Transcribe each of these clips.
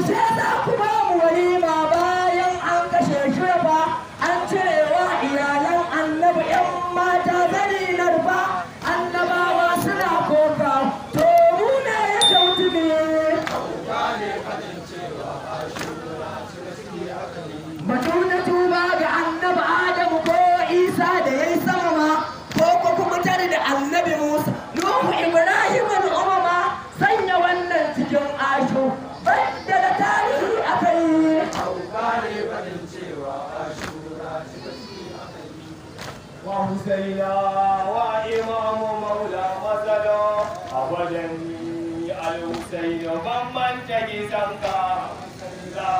yaushe za ku ba mu walima bayan an kashe shi ba حسينا وإمام مولى مثلا أولني الحسين ممن تجسنك حسينا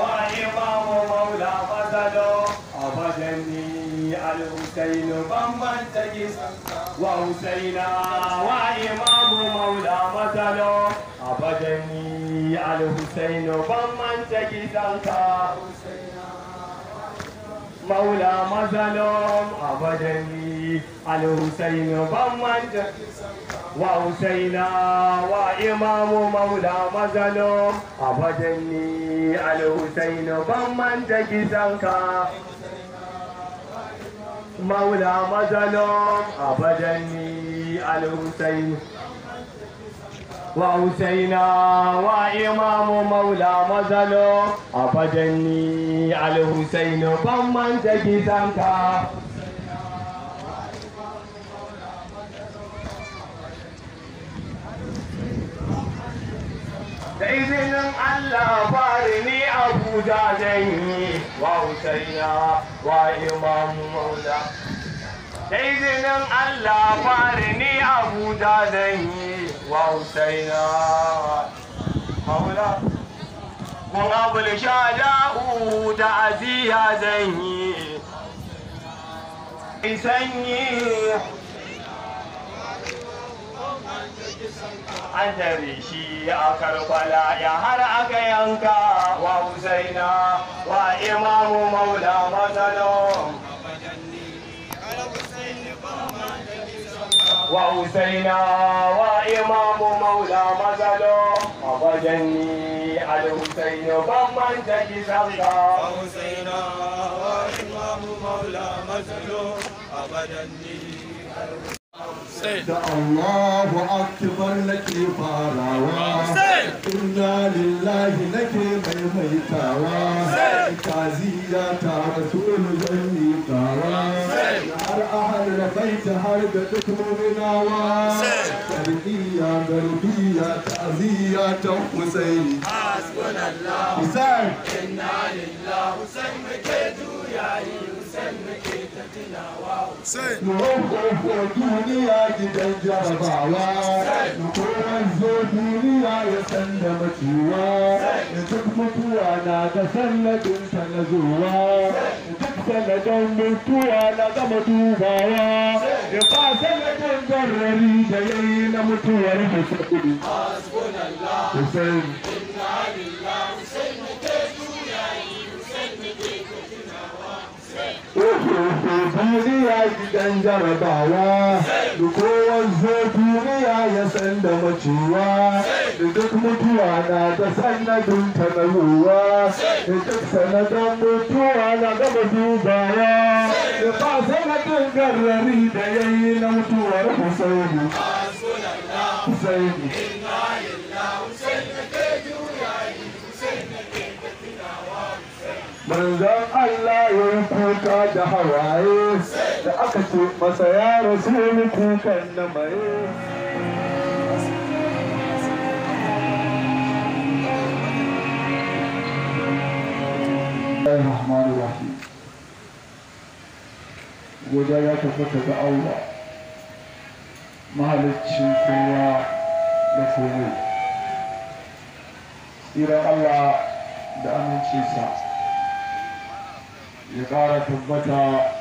وإمام مولى مثلا أولني الحسين ممن تجسنك وحسينا وإمام مولى مثلا أبدني الحسين ممن تجسنك حسينا maula mazalom abadani al-husayn ban manta wa husaina wa imamu maula mazalom abadani al-husayn ban manta kisanka maula mazalom abadani al-husayn وأوسينا وإمام مولى مزلو أبدني على حسين بمن تجي سانكا da izinin Allah fari ni Abuja zan yi wa Husaina wa Imamu Maula. Allah ni Abuja zan yi وحسينا مولا من قبل شهداء تعزيها زيني سني an tare shi a karbala ya har aka yanka wa husaina wa imamu maula matsalon وحسينا وإمام مولى مزلو وجني الحسين بمن تجي سرقا وحسينا وإمام مولى مثله وجني الله أكبر لك فاراوا إنا لله لك ميميتاوا كازيا رسول جني رفيت حربة مؤمنا وشرقية غربية تعزية حسين حسبنا الله حسين إنا لله حسين مكيتو يا حسين مكيتو تلاوة حسين نوقف ودنيا جدا جرباوة نقوم duniya ya san da maciwa duk mutuwa na da sallabinsa na zuwa sanadin mutuwa na gama dubawa ya ba sanadin garrari da ya yi na mutuwar mutu kudu. Hasbunallah. Hussein. Inna ko duniya gidan jarabawa da kowan zo duniya ya san da macewa da duk mutuwa na da sanadin ta na ruwa da duk sanadin mutuwa na gaba dubawa da ba sanadin garrari da ya yi na mutuwar husaini husaini manzan Allah ya yi kuka da hawaye da aka ce masa ya rasu kukan na maye goja ya وجاء ga Allah mahalicin kowa da komai tsiran Allah da amincinsa ya ƙara tabbata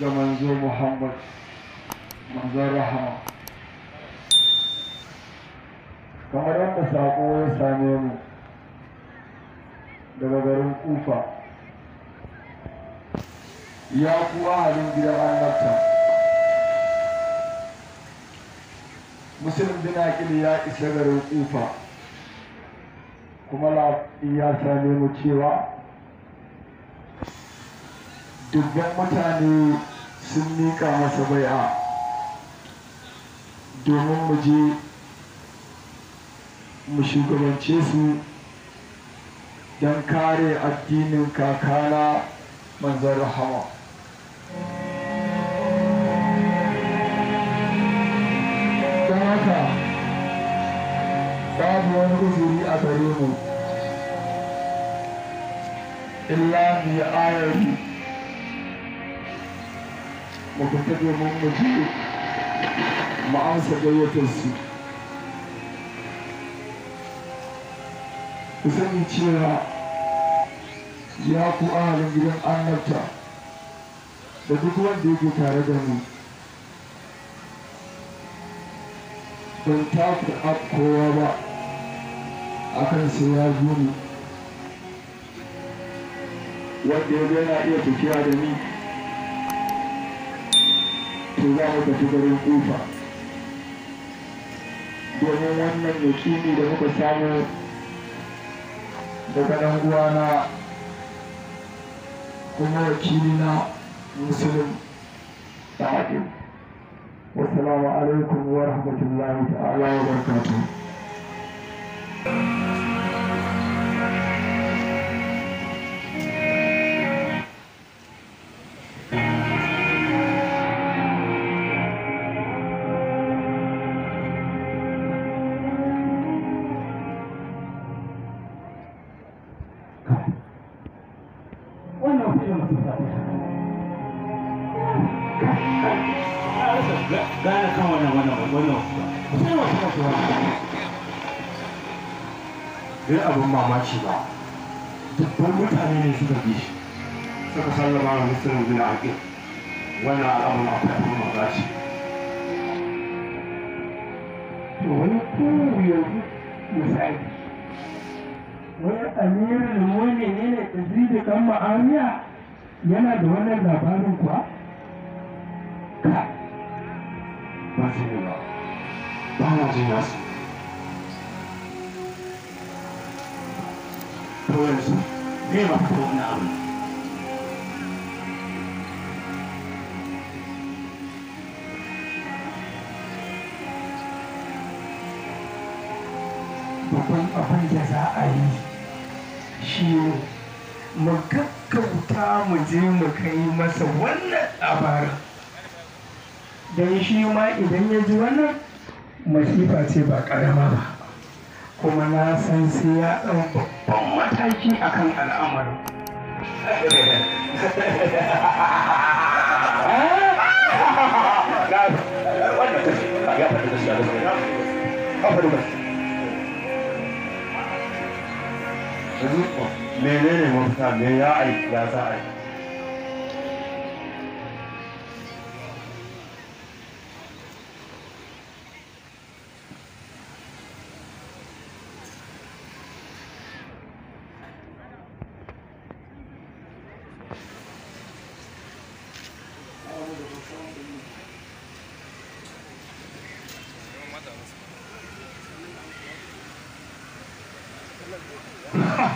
ga manzo muhammad manzon rahama kamar yadda saƙo ya same mu daga garin kufa ya ku ahalin gidan annabta musulun bin akili ya isa garin kufa kuma ya same mu cewa dubban mutane sun nika masa bai'a domin mu je mu shugabance su don kare addinin kakana manzan rahama don haka babu wani uzuri a gare mu illa mu yi mu fita domin mu ji mu amsa gayyatar su ku sani cewa ya ku ahalin gidan annabta da duk wanda yake tare da mu ban taku kowa ba akan sai ya zo ni wanda ya ga iya tafiya da ni to za mu tafi garin kufa domin wannan yakini da muka samu daga nan uwana kuma na musulun da haɗe wasu alaikum wa rahmatullahi ta'ala wa gara kan abin ba dabbar mutane ne suka bi shi suka sallama wa musulun bin haƙi wannan al'amun akwai abin mamaki to wani kowu yanzu misali wani amirin limoni ne da tafi da kan ma'amiya yana da wannan labarin kuwa jin jin yanzu abu babban abin da za a yi shi ne mu gaggauta mu je mu kai masa wannan labarin don shi ma idan ya ji wannan masifa ce ba ƙarama ba kuma na san sai ya ɗau babban mataki akan al'amarin menene mafita me ya aiki ya za yi?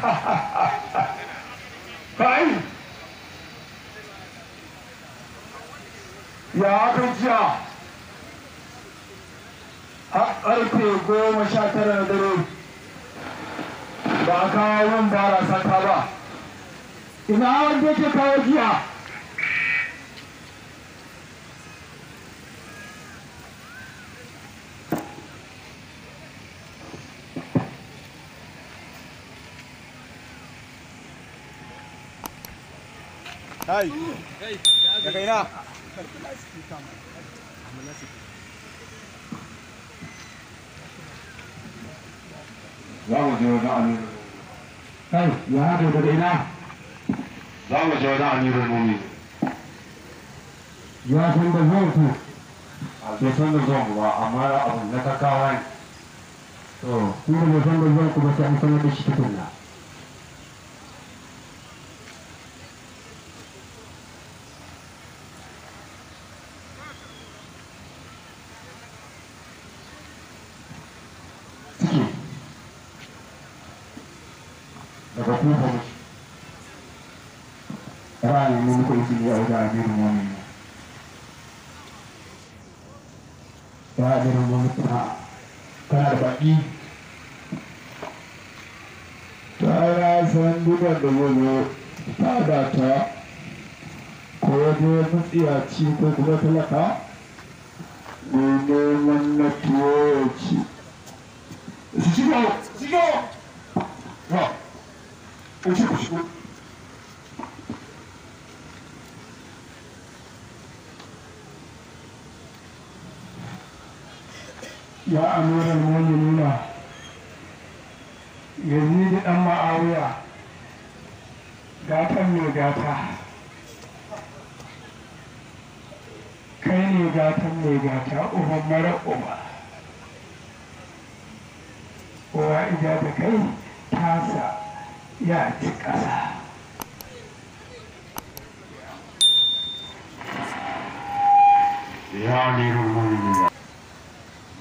kai ya kai jiya har karfe goma sha tara na dare ba kawo yin barasa ta ba ina wanda ke kawo jiya Hai. Daga ina? Za mu je wajen Amiru. Kai, ya haɗe daga ina? Za mu je wajen Amiru Mumi. Ya san da zuwan A bai san da zuwan ba, amma abin na kakawa ne. To, kuma bai san da zuwan ku ba sai an sanar da shi tukunna. daga kofar ranar mun kuɗi shi ya wuce a jirin wani ya a jirin wani kuma kana da baƙi ta ya san dubar da zozo ta da ta ko wajen matsiyaci ko kuma talaka ne neman na tuwo ya ci. Shigo! Shigo! ya amira wani nuna yanzu da ɗan ma'awuya gatan mai gata kai ne gatan mai gata uban mara uba kowa ija da kai tasa ya ci ƙasa ya nemi mulmiya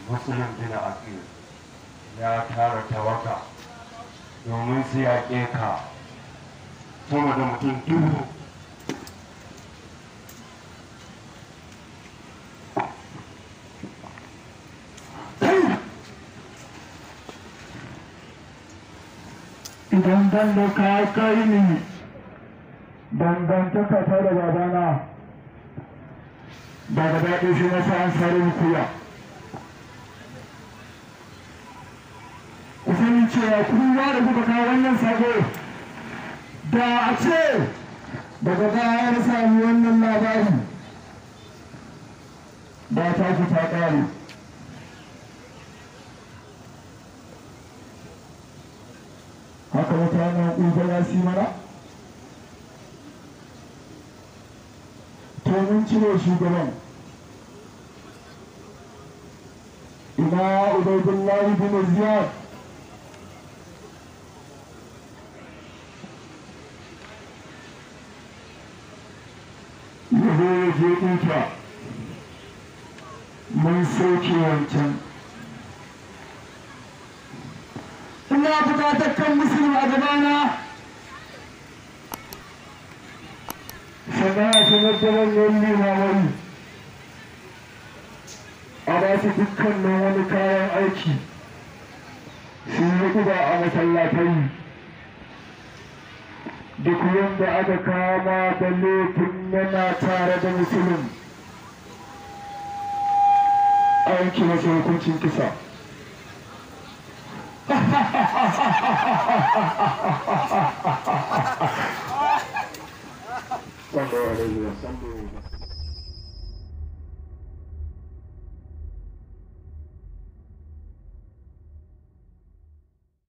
musulun bin akil ya tara ta tawaka domin su yaƙe ka sama da mutum dubu don da ka kai ni dangantaka ta da babana daga daɗi shi na sa'an sarin kuya ku sani cewa kuma da kuka kawo wannan sako da a ce daga baya na sami wannan labari ba ta fi ta ƙare haka mutanen uba ya si mana to mun cire shugaban ina ubaidullahi bin ziyad yahu ya je mun sauke wancan ga fitattakan musulmi a gabana shagaya sanar da wannan limamari a ba su dukkanin wani kayan aiki su yi guda a masallatai duk wanda aka kama da laifin yana tare da musulun aiki yanki masu hukuncin kisa Somewhere there's a